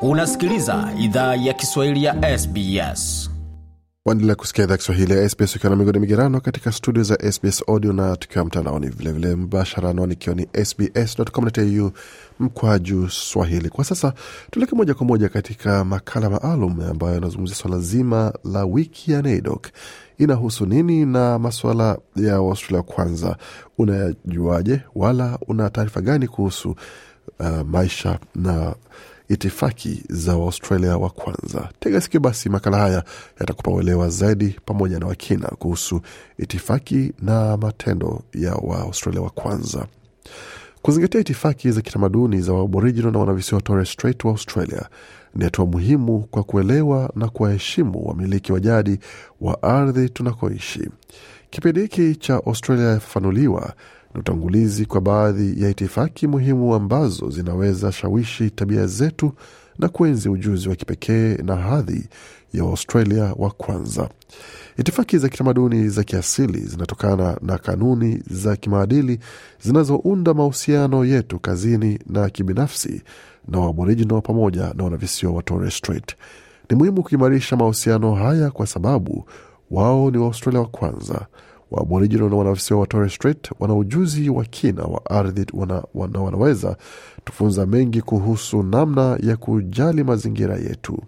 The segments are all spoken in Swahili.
unasikiliza idhaa ya kiswahili ya sbs waendelea kusikia idhaa kiswahili ya sbs ukiwa na migodi migerano katika studio za sbs audio na tukiwa mtandaoni vilevile mbashara anaoni ikiwa ni sbscu mkwaju swahili kwa sasa tuleke moja kwa moja katika makala maalum ambayo yanazungumzia swala zima la wiki ya NAIDOC inahusu nini na maswala ya australia kwanza unayajuaje wala una taarifa gani kuhusu uh, maisha na itifaki za Waustralia wa kwanza. Tega sikio basi, makala haya yatakupa uelewa zaidi pamoja na wakina kuhusu itifaki na matendo ya Waaustralia wa kwanza. Kuzingatia itifaki za kitamaduni za Waaboriginal na wanavisiwa Torres Strait wa Australia ni hatua muhimu kwa kuelewa na kuwaheshimu wamiliki wa jadi wa ardhi tunakoishi. Kipindi hiki cha Australia yafafanuliwa na utangulizi kwa baadhi ya itifaki muhimu ambazo zinaweza shawishi tabia zetu na kuenzi ujuzi wa kipekee na hadhi ya Waustralia wa kwanza. Itifaki za kitamaduni za kiasili zinatokana na kanuni za kimaadili zinazounda mahusiano yetu kazini na kibinafsi na Waaboriginal pamoja na wanavisio wa Torres Strait. Ni muhimu kuimarisha mahusiano haya kwa sababu wao ni Waustralia wa kwanza Waaborijini na wanafisia wa Torres Strait wana ujuzi wa kina wa ardhi wana, wana wanaweza tufunza mengi kuhusu namna ya kujali mazingira yetu.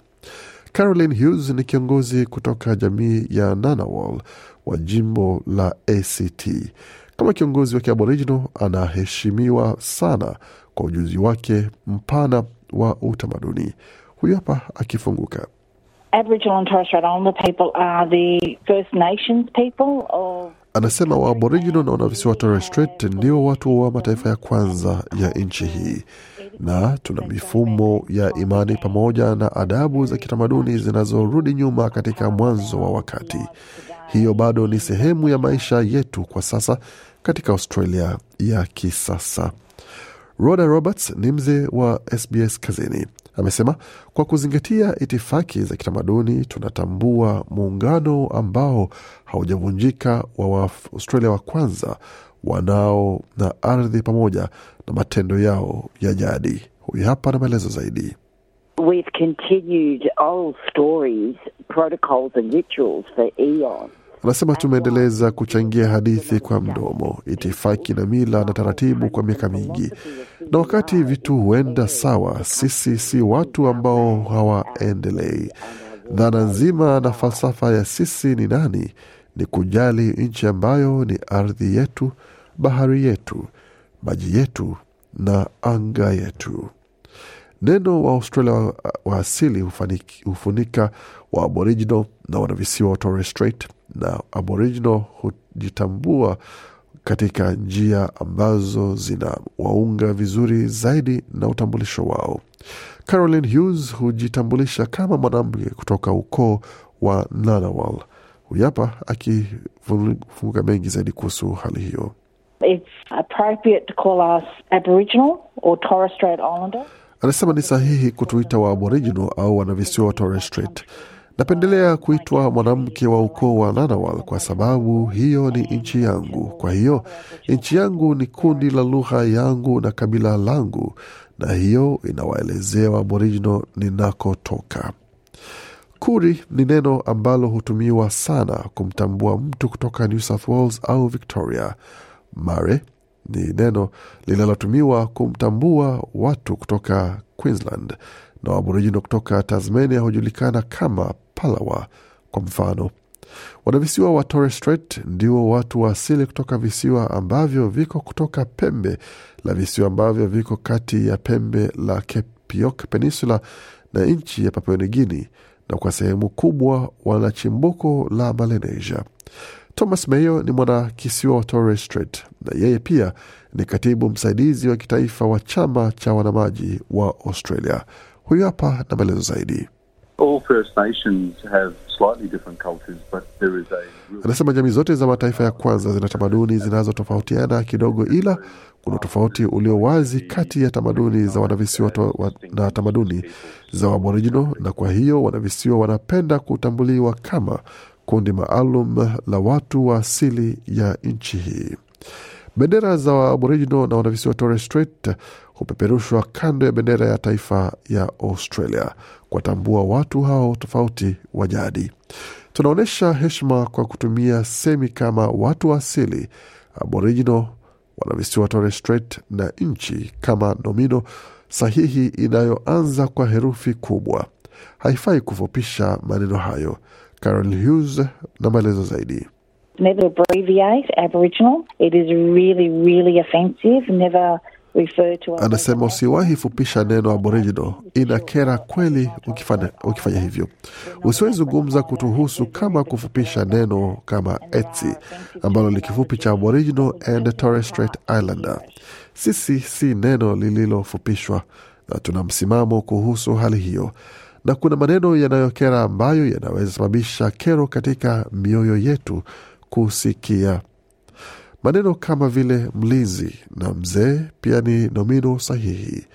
Caroline Hughes ni kiongozi kutoka jamii ya Nanawal wa jimbo la ACT. Kama kiongozi wa Kiaboriginal, anaheshimiwa sana kwa ujuzi wake mpana wa utamaduni. Huyu hapa akifunguka. Aboriginal and Torres Strait Islander people are the First Nations people of Anasema Waaboriginal na wanavisiwa Torres Strait ndio watu wa mataifa ya kwanza ya nchi hii, na tuna mifumo ya imani pamoja na adabu za kitamaduni zinazorudi nyuma katika mwanzo wa wakati. Hiyo bado ni sehemu ya maisha yetu kwa sasa katika Australia ya kisasa. Rhoda Roberts ni mzee wa SBS kazini. Amesema kwa kuzingatia itifaki za kitamaduni, tunatambua muungano ambao haujavunjika wa Waaustralia wa kwanza wanao na ardhi pamoja na matendo yao ya jadi. Huyu hapa na maelezo zaidi. We've continued old stories, protocols and rituals for eons. Anasema tumeendeleza kuchangia hadithi kwa mdomo, itifaki na mila na taratibu kwa miaka mingi, na wakati vitu huenda sawa, sisi si watu ambao hawaendelei. Dhana nzima na falsafa ya sisi ni nani ni kujali nchi ambayo ni ardhi yetu, bahari yetu, maji yetu na anga yetu. Neno wa Australia uh, wa asili hufunika wa Aboriginal na wanavisiwa wa Torres Strait na Aboriginal hujitambua katika njia ambazo zinawaunga vizuri zaidi na utambulisho wao. carolin Hughes hujitambulisha kama mwanamke kutoka ukoo wa Nanawal. Huyapa akifunguka mengi zaidi kuhusu hali hiyo. It's appropriate to call us Aboriginal or Torres Strait Islander. Anasema ni sahihi kutuita wa aboriginal au wanavisiwa wa Torres Strait. Napendelea kuitwa mwanamke wa ukoo wa Nanawal kwa sababu hiyo ni nchi yangu. Kwa hiyo nchi yangu ni kundi la lugha yangu na kabila langu, na hiyo inawaelezea Waaborijini ninakotoka. Kuri ni neno ambalo hutumiwa sana kumtambua mtu kutoka New South Wales au Victoria. Mare ni neno linalotumiwa kumtambua watu kutoka Queensland na waborijino kutoka Tasmania hujulikana kama Palawa. Kwa mfano, wanavisiwa wa Torres Strait ndio watu wa asili kutoka visiwa ambavyo viko kutoka pembe la visiwa ambavyo viko kati ya pembe la Kepiok Peninsula na nchi ya Papua New Guinea, na kwa sehemu kubwa wana chimbuko la Melanesia. Thomas Mayo ni mwanakisiwa wa Torres Strait na yeye pia ni katibu msaidizi wa kitaifa wa chama cha wanamaji wa Australia. Huyu hapa na maelezo zaidi. Anasema jamii zote za mataifa ya kwanza zina tamaduni zinazotofautiana kidogo, ila kuna tofauti ulio wazi kati ya tamaduni za wanavisiwa wa, na tamaduni za Waborijino, na kwa hiyo wanavisiwa wanapenda kutambuliwa kama kundi maalum la watu wa asili ya nchi hii. Bendera za Waaboriginal na wanavisiwa Torres Strait hupeperushwa kando ya bendera ya taifa ya Australia kuwatambua watu hao tofauti wa jadi. Tunaonyesha heshima kwa kutumia semi kama watu wa asili Aboriginal, wanavisiwa Torres Strait na nchi kama nomino sahihi inayoanza kwa herufi kubwa. Haifai kufupisha maneno hayo. Carol Hughes na maelezo zaidi. Never abbreviate Aboriginal. It is really, really offensive. Never Anasema usiwahi fupisha neno aboriginal, ina kera kweli ukifanya, ukifanya hivyo. Usiwahi zungumza kutuhusu kama kufupisha neno kama etsi ambalo ni kifupi cha Aboriginal and Torres Strait Islander. Sisi si neno lililofupishwa na tuna msimamo kuhusu hali hiyo na kuna maneno yanayokera ambayo yanaweza sababisha kero katika mioyo yetu kusikia. Maneno kama vile mlinzi na mzee pia ni nomino sahihi.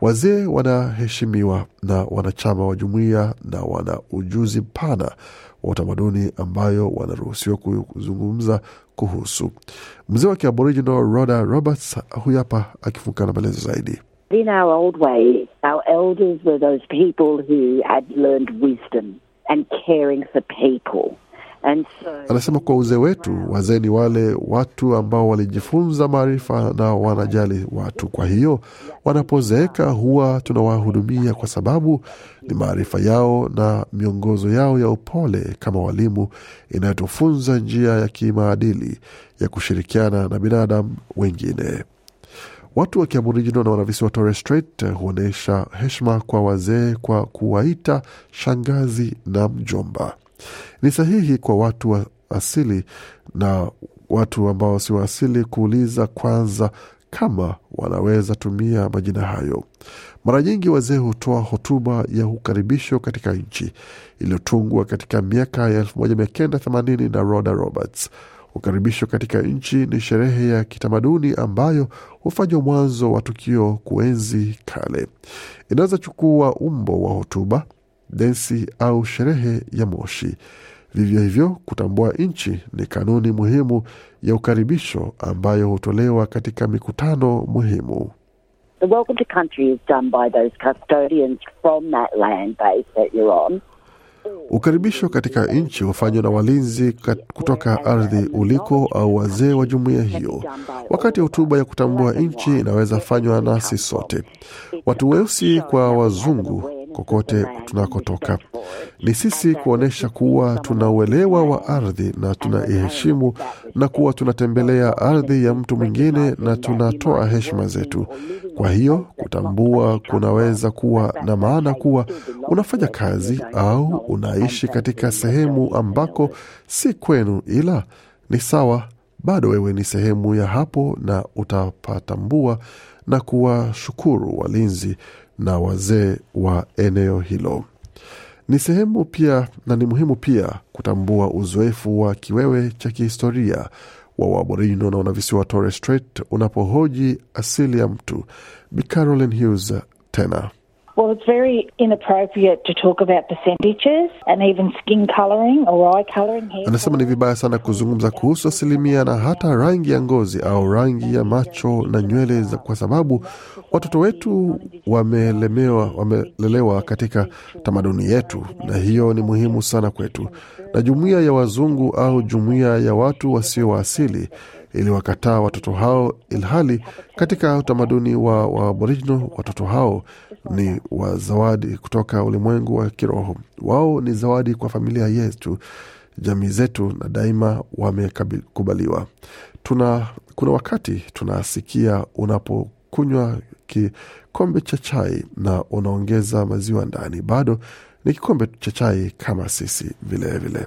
Wazee wanaheshimiwa na wanachama wa jumuiya na wana ujuzi mpana wa utamaduni ambayo wanaruhusiwa kuzungumza kuhusu. Mzee wa Kiaboriginal Roda Roberts huyu hapa akifunga na maelezo zaidi. In our old way, our elders were those people who had learned wisdom and caring for people. And so, anasema kwa uzee wetu, wazee ni wale watu ambao walijifunza maarifa na wanajali watu. Kwa hiyo wanapozeeka, huwa tunawahudumia kwa sababu ni maarifa yao na miongozo yao ya upole kama walimu inayotufunza njia ya kimaadili ya kushirikiana na binadamu wengine. Watu wa Kiaborijini na wanavisi wa Torres Strait eh, huonyesha heshima kwa wazee kwa kuwaita shangazi na mjomba. Ni sahihi kwa watu wa asili na watu ambao si wa asili kuuliza kwanza kama wanaweza tumia majina hayo. Mara nyingi wazee hutoa hotuba ya ukaribisho katika nchi iliyotungwa katika miaka ya 1980 na Roda Roberts ukaribisho katika nchi ni sherehe ya kitamaduni ambayo hufanywa mwanzo wa tukio kuenzi kale. Inaweza chukua umbo wa hotuba, densi au sherehe ya moshi. Vivyo hivyo, kutambua nchi ni kanuni muhimu ya ukaribisho ambayo hutolewa katika mikutano muhimu. The welcome to country is done by those custodians from that land base that you're on. Ukaribisho katika nchi hufanywa na walinzi kutoka ardhi uliko au wazee wa jumuiya hiyo. Wakati hotuba ya kutambua nchi inaweza fanywa nasi sote, watu weusi kwa wazungu kokote tunakotoka. Ni sisi kuonyesha kuwa tuna uelewa wa ardhi na tunaiheshimu na kuwa tunatembelea ardhi ya mtu mwingine na tunatoa heshima zetu. Kwa hiyo kutambua kunaweza kuwa na maana kuwa unafanya kazi au unaishi katika sehemu ambako si kwenu, ila ni sawa, bado wewe ni sehemu ya hapo, na utapatambua na kuwashukuru walinzi na wazee wa eneo hilo. Ni sehemu pia na ni muhimu pia kutambua uzoefu wa kiwewe cha kihistoria wa Waborino na wanavisiwa Torres Strait unapohoji asili ya mtu. Bi Caroline Hughes tena Well, it's very inappropriate to talk about percentages and even skin coloring or eye coloring here. Anasema ni vibaya sana kuzungumza kuhusu asilimia na hata rangi ya ngozi au rangi ya macho na nywele, kwa sababu watoto wetu wamelemewa, wamelelewa katika tamaduni yetu, na hiyo ni muhimu sana kwetu. Na jumuiya ya wazungu au jumuiya ya watu wasio wa asili iliwakataa watoto hao, ilhali katika utamaduni wa Waaboriginal watoto hao ni wa zawadi kutoka ulimwengu wa kiroho. Wao ni zawadi kwa familia yetu, jamii zetu, na daima wamekubaliwa. Tuna, kuna wakati tunasikia unapokunywa kikombe cha chai na unaongeza maziwa ndani, bado ni kikombe cha chai kama sisi vilevile vile.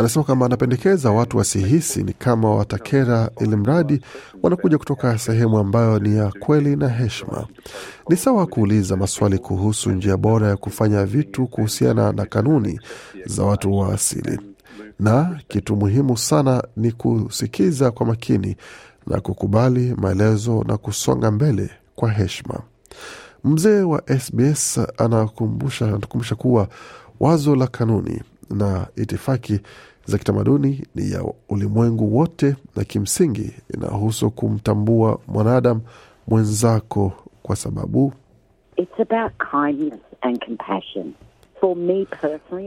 Anasema kwamba anapendekeza watu wasihisi ni kama watakera, ili mradi wanakuja kutoka sehemu ambayo ni ya kweli na heshima. Ni sawa kuuliza maswali kuhusu njia bora ya kufanya vitu kuhusiana na kanuni za watu wa asili, na kitu muhimu sana ni kusikiza kwa makini na kukubali maelezo na kusonga mbele kwa heshima. Mzee wa SBS anakumbusha kuwa wazo la kanuni na itifaki za kitamaduni ni ya ulimwengu wote, na kimsingi inahusu kumtambua mwanadam mwenzako kwa sababu It's about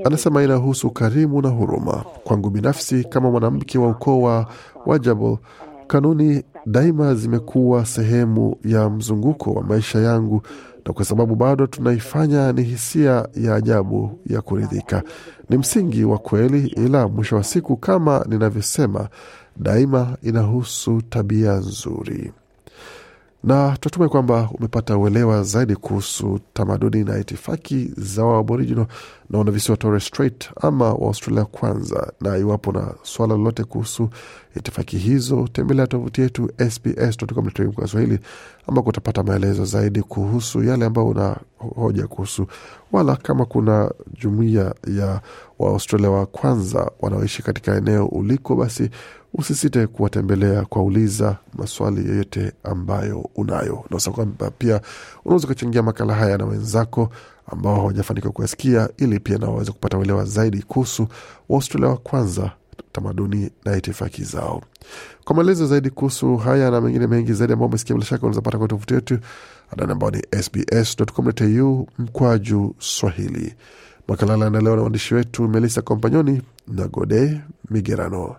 Anasema inahusu karimu na huruma. Kwangu binafsi, kama mwanamke wa ukoo wa Wajabo, kanuni daima zimekuwa sehemu ya mzunguko wa maisha yangu na kwa sababu bado tunaifanya, ni hisia ya ajabu ya kuridhika. Ni msingi wa kweli, ila mwisho wa siku, kama ninavyosema daima, inahusu tabia nzuri na tunatumai kwamba umepata uelewa zaidi kuhusu tamaduni na itifaki za Waaboriginal na wanavisiwa Torres Strait ama Waaustralia kwanza, na iwapo na swala lolote kuhusu itifaki hizo, tembelea tovuti yetu sbs.com.au Swahili ambako utapata maelezo zaidi kuhusu yale ambayo una hoja kuhusu, wala kama kuna jumuiya ya Waaustralia wa kwanza wanaoishi katika eneo uliko, basi usisite kuwatembelea kuwauliza maswali yeyote ambayo unayo. Unaweza kwamba pia unaweza ukachangia makala haya na wenzako ambao hawajafanikiwa kuyasikia, ili pia na waweze kupata uelewa zaidi kuhusu Waustralia wa kwanza, tamaduni na itifaki zao. Kwa maelezo zaidi kuhusu haya na mengine mengi zaidi ambao umesikia, bila shaka unaweza pata kwenye tovuti yetu adani ambao ni sbscu mkwaju Swahili. Makala laandaliwa na waandishi wetu Melissa Kompanyoni na Gode Migerano.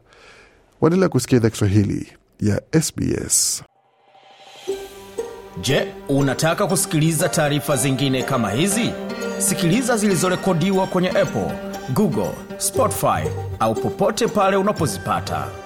Waendelea kusikia idhaa Kiswahili ya SBS. Je, unataka kusikiliza taarifa zingine kama hizi? Sikiliza zilizorekodiwa kwenye Apple, Google, Spotify au popote pale unapozipata.